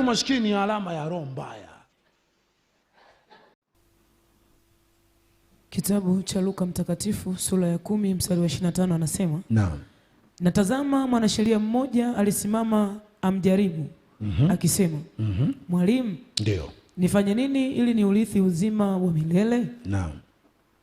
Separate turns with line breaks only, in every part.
Umaskini ni alama ya roho mbaya.
Kitabu cha Luka Mtakatifu sura ya kumi mstari wa 25 anasema naam, natazama mwanasheria mmoja alisimama amjaribu, mm -hmm. akisema mm -hmm. Mwalimu, ndio nifanye nini ili niurithi uzima wa milele? Naam.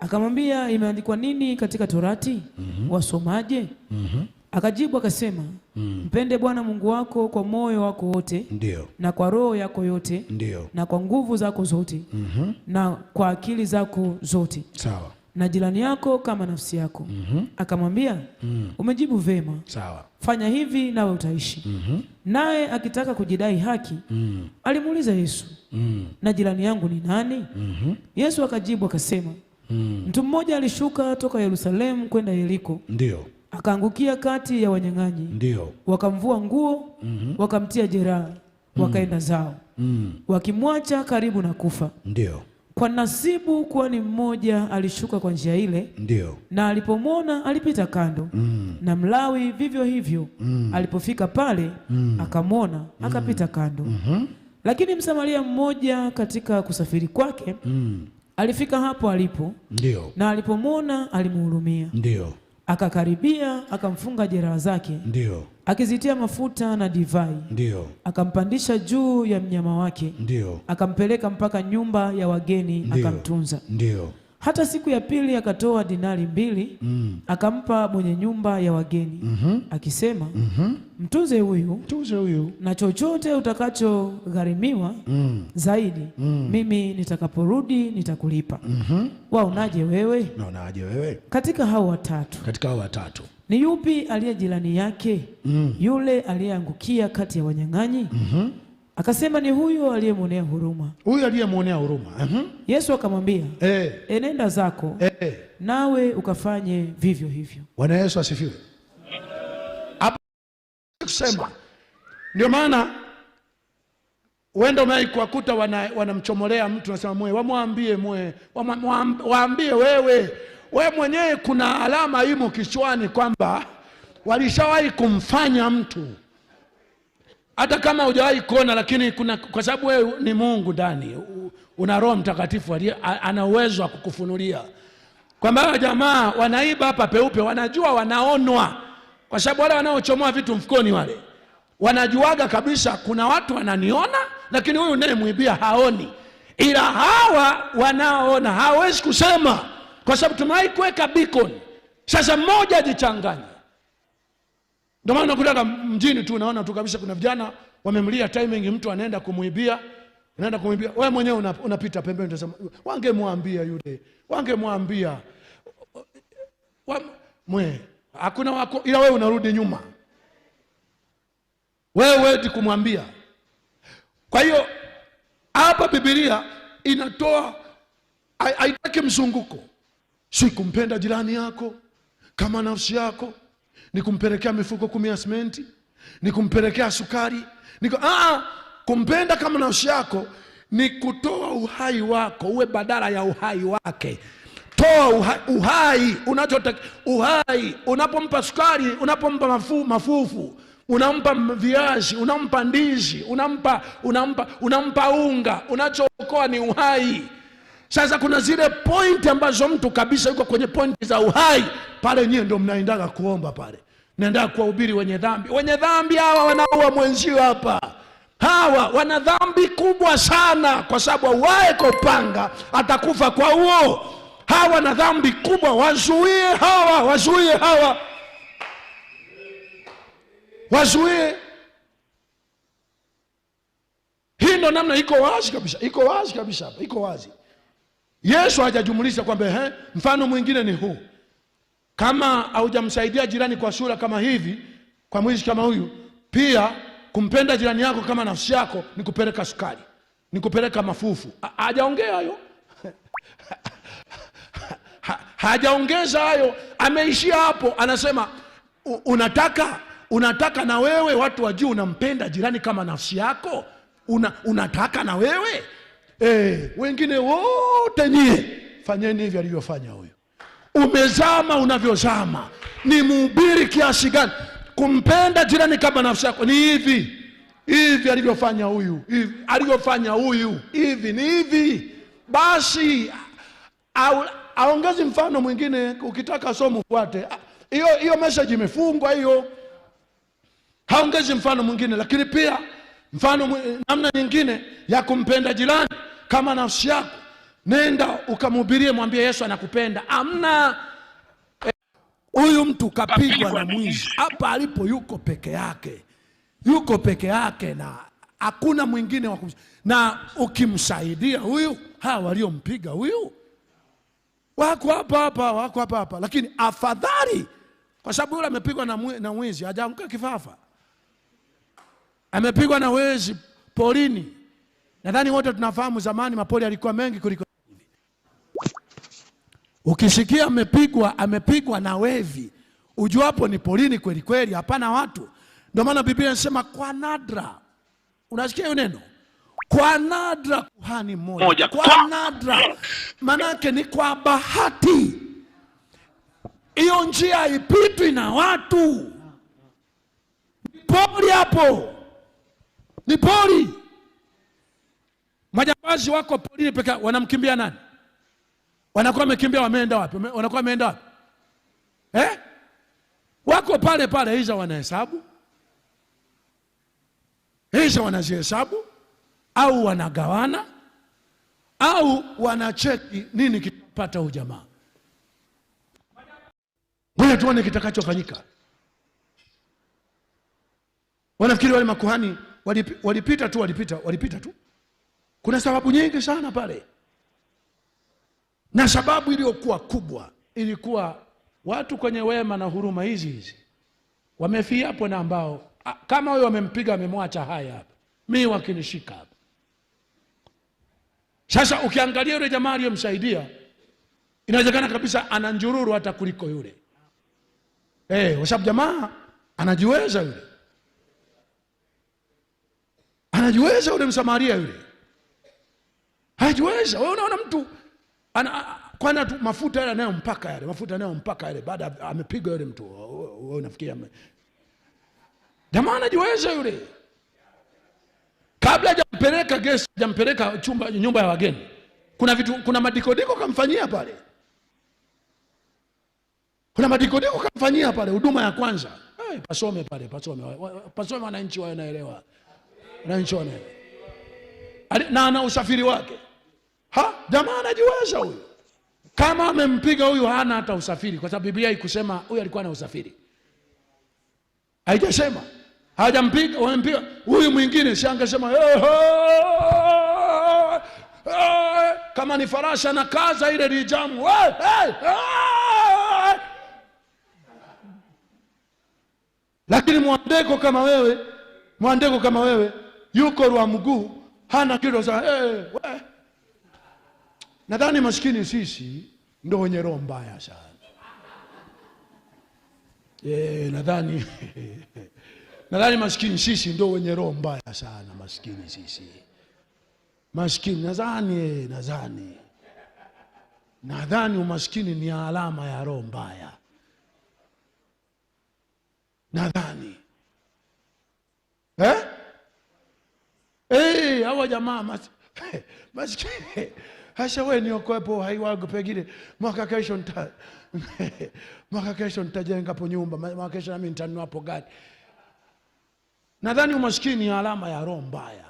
Akamwambia, imeandikwa nini katika Torati? mm -hmm. wasomaje? mm -hmm. Akajibu akasema
mm. Mpende
Bwana Mungu wako kwa moyo wako wote ndio, na kwa roho yako yote ndio, na kwa nguvu zako zote mm -hmm. na kwa akili zako zote sawa, na jirani yako kama nafsi yako mm -hmm. Akamwambia mm. Umejibu vema, sawa, fanya hivi nawe utaishi mm -hmm. Naye akitaka kujidai haki mm. alimuuliza Yesu mm. na jirani yangu ni nani? mm -hmm. Yesu akajibu akasema mm. Mtu mmoja alishuka toka Yerusalemu kwenda Yeriko ndio akaangukia kati ya wanyang'anyi, ndio wakamvua nguo mm -hmm. wakamtia jeraha mm. wakaenda zao mm. wakimwacha karibu na kufa. Ndio kwa nasibu kuwa ni mmoja alishuka kwa njia ile, ndio na alipomwona alipita kando mm. na Mlawi vivyo hivyo mm. alipofika pale mm. akamwona mm. akapita kando mm -hmm. Lakini Msamaria mmoja katika kusafiri kwake mm. alifika hapo alipo, ndio na alipomwona alimhurumia, ndio Akakaribia akamfunga jeraha zake, ndio akizitia mafuta na divai, ndio akampandisha juu ya mnyama wake, ndio akampeleka mpaka nyumba ya wageni, akamtunza, ndio hata siku ya pili akatoa dinari mbili mm. akampa mwenye nyumba ya wageni mm -hmm. akisema mm -hmm. mtunze huyu
mtunze huyu
na chochote utakachogharimiwa mm. zaidi mm. mimi nitakaporudi nitakulipa. mm -hmm. Waonaje wewe?
Naonaje wewe?
Katika hao watatu,
katika hao watatu
ni yupi aliye jirani yake mm. yule aliyeangukia kati ya wanyang'anyi? mm -hmm. Akasema ni huyu aliyemwonea huruma,
huyu aliyemwonea huruma.
uh mhm. -huh. Yesu akamwambia hey, eh. enenda zako hey, eh. nawe ukafanye vivyo hivyo.
Bwana Yesu asifiwe. Hapa kusema ndio maana wenda umeikuwakuta wanamchomolea wana mtu nasema mwe wamwambie mwe waambie wewe we mwenyewe, kuna alama imo kichwani kwamba walishawahi kumfanya mtu hata kama hujawahi kuona, lakini kuna, kwa sababu wewe ni Mungu ndani, una Roho Mtakatifu ana uwezo wa kukufunulia kwamba jamaa wanaiba hapa peupe, wanajua wanaonwa, kwa sababu wale wanaochomoa vitu mfukoni wale wanajuaga kabisa, kuna watu wananiona, lakini huyu unayemwibia haoni, ila hawa wanaoona hawezi kusema, kwa sababu tumewahi kuweka beacon. Sasa mmoja ajichanganya ndio maana nakutaka mjini tu naona tu kabisa kuna vijana wamemlia timing, mtu anaenda kumuibia, anaenda kumuibia. Wewe mwenyewe unapita pembeni, unasema wangemwambia yule, wangemwambia mwe hakuna wako, ila wewe unarudi nyuma, wewe huwezi kumwambia. Kwa hiyo hapa Biblia inatoa haitaki mzunguko, si kumpenda jirani yako kama nafsi yako ni kumpelekea mifuko kumi ya simenti, ni kumpelekea sukari, ni ah, ah, kumpenda kama nafsi yako, ni kutoa uhai wako uwe badala ya uhai wake. Toa uhai, uhai unachotaka uhai. Unapompa sukari, unapompa mafu, mafufu unampa viazi, unampa ndizi, unampa unampa unampa unga. Unachookoa ni uhai. Sasa kuna zile pointi ambazo mtu kabisa yuko kwenye pointi za uhai, pale nyie ndo mnaendaga kuomba pale, naendaga kuwahubiri wenye dhambi. Wenye dhambi hawa wanaua mwenzio hapa, hawa wana dhambi kubwa sana, kwa sababu wae kwa upanga atakufa kwa uo. Hawa na dhambi kubwa, wazuie hawa, wazuie hawa, wazuie hii ndo namna iko wazi kabisa, iko wazi kabisa iko wazi. Yesu hajajumulisha kwamba, mfano mwingine ni huu kama haujamsaidia jirani kwa sura kama hivi, kwa mwizi kama huyu, pia kumpenda jirani yako kama nafsi yako ni kupeleka sukari, ni kupeleka mafufu. Hajaongea hayo hajaongeza hayo, ameishia hapo. Anasema unataka unataka na wewe watu wajuu unampenda jirani kama nafsi yako. Una, unataka na wewe e, wengine wote nyie fanyeni hivi alivyofanya huyo umezama unavyozama, ni mhubiri kiasi gani. Kumpenda jirani kama nafsi yako ni hivi hivi alivyofanya huyu, hivi alivyofanya huyu, hivi ni hivi basi. Aongezi mfano mwingine, ukitaka somo ufuate ah, hiyo hiyo. Message imefungwa hiyo, haongezi mfano mwingine. Lakini pia mfano namna nyingine ya kumpenda jirani kama nafsi yako nenda ukamhubirie, mwambie Yesu anakupenda. Amna huyu mtu kapigwa na mwizi hapa alipo, yuko peke yake, yuko peke yake na hakuna mwingine wa na, ukimsaidia huyu, hawa waliompiga huyu wako hapa hapa, wako hapa hapa, lakini afadhali, kwa sababu yule amepigwa na mwizi hajaanguka kifafa, amepigwa na wezi polini Nadhani wote tunafahamu zamani mapoli alikuwa mengi kuliko Ukisikia amepigwa, amepigwa na wevi, ujuapo ni polini kweli kweli, hapana watu. Ndio maana Biblia inasema kwa nadra, unasikia hiyo neno kwa nadra kuhani mmoja. Kwa nadra manake ni kwa bahati, hiyo njia ipitwi na watu. Ni pori hapo, ni pori. Majambazi wako porini pekee, wanamkimbia nani? wanakuwa wamekimbia, wameenda wapi? Wanakuwa wameenda wapi eh? Wako pale pale, iza wanahesabu iza wanazihesabu, au wanagawana au wanacheki nini kitapata huu jamaa. Ngoja tuone kitakachofanyika. Wanafikiri wale makuhani walipita tu, walipita walipita tu. Kuna sababu nyingi sana pale. Na sababu iliyokuwa kubwa ilikuwa watu kwenye wema na huruma hizi hizi wamefia hapo, na ambao kama huyo wamempiga amemwacha, haya hapa mi wakinishika hapa. Sasa ukiangalia yule jamaa aliyomsaidia inawezekana kabisa ana njururu hata kuliko yule eh, hey, sababu jamaa anajiweza yule, anajiweza yule Msamaria yule anajiweza. Wewe unaona mtu kwana tu mafuta yale mpaka yale mafuta mpaka yale baada amepiga yule mtu, wewe unafikiria jamaa anajiweza yule, kabla hajampeleka gesi, hajampeleka chumba, nyumba ya wageni, kuna vitu, kuna madikodiko kamfanyia pale, kuna madikodiko kamfanyia pale, huduma ya kwanza. Hey, pasome pale, pasome, pasome, wananchi wanaelewa, wananchi wanaelewa, na ana usafiri wake Ha, jamaa anajiweza huyu. Kama amempiga huyu hana hata usafiri, kwa sababu Biblia ikusema huyu alikuwa na usafiri, haijasema hajampiga, wamempiga huyu mwingine, si angesema kama ni farasha na kaza ile lijamu hey, hey, hey. Lakini mwandeko kama wewe, mwandeko kama wewe yuko rwa mguu hana kilo za hey, hey. Nadhani maskini sisi ndo wenye roho mbaya sana. E, nadhani nadhani maskini sisi ndo wenye roho mbaya sana, maskini sisi, maskini nadhani, nadhani nadhani umaskini ni alama ya roho mbaya, nadhani eh? Hey, eh, hawa jamaa maskini hasa we niokoepo uhai wangu, pengine mwaka kesho nita mwaka kesho nitajenga po nyumba, mwaka kesho nami nitanunua hapo gari. Nadhani umaskini ni alama ya roho mbaya.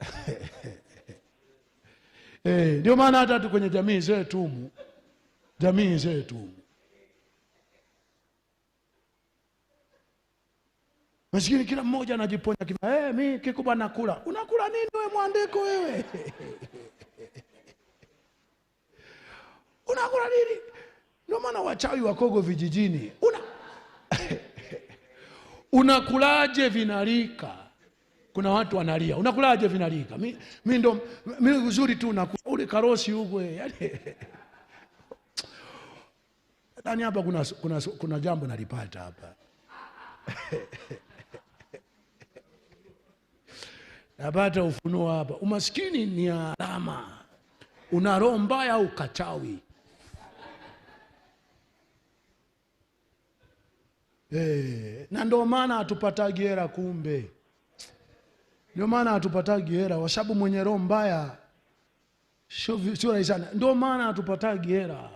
Eh, ndio eh, maana hata tu kwenye jamii zetu humu, jamii zetu humu Masikini kila mmoja anajiponya kibaya. Eh, hey, mimi kikubwa nakula. Unakula nini we mwandiko wewe? Unakula nini? Ndio maana wachawi wakogo vijijini. Una Unakulaje vinalika? Kuna watu wanalia. Unakulaje vinalika? Mimi mi ndo mi uzuri tu nakula ule karosi huko yaani. hapa kuna kuna kuna jambo nalipata hapa. Napata ufunuo hapa. Umaskini ni alama, una roho mbaya au kachawi. Eh, na ndio maana hatupatagi hela Kumbe ndio maana hatupatagi hela kwa sababu mwenye roho mbaya sio rahisi sana. Ndio maana hatupatagi hera,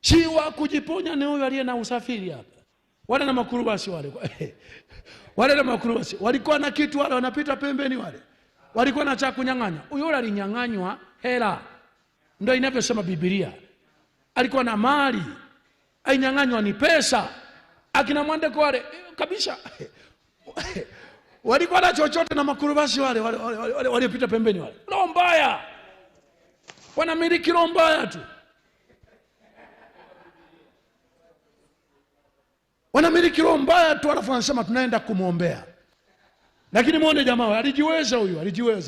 si wa kujiponya. Ni huyo aliye na usafiri hapa, wala na makurubasi wale eh, wale na makurusi walikuwa na kitu, wale wanapita pembeni, wale walikuwa na cha kunyang'anya. Huyo alinyang'anywa hela, ndio inavyosema Biblia. Alikuwa na mali, ainyang'anywa ni pesa. Akina Mwandeko wale eh, kabisa walikuwa na chochote na makurubasi wale waliopita wale, wale, wale, wale pembeni wale, roho mbaya, wanamiliki roho mbaya tu. wanamiliki roho mbaya tu, alafu wanasema tunaenda kumwombea. Lakini mwone jamaa alijiweza, huyu alijiweza.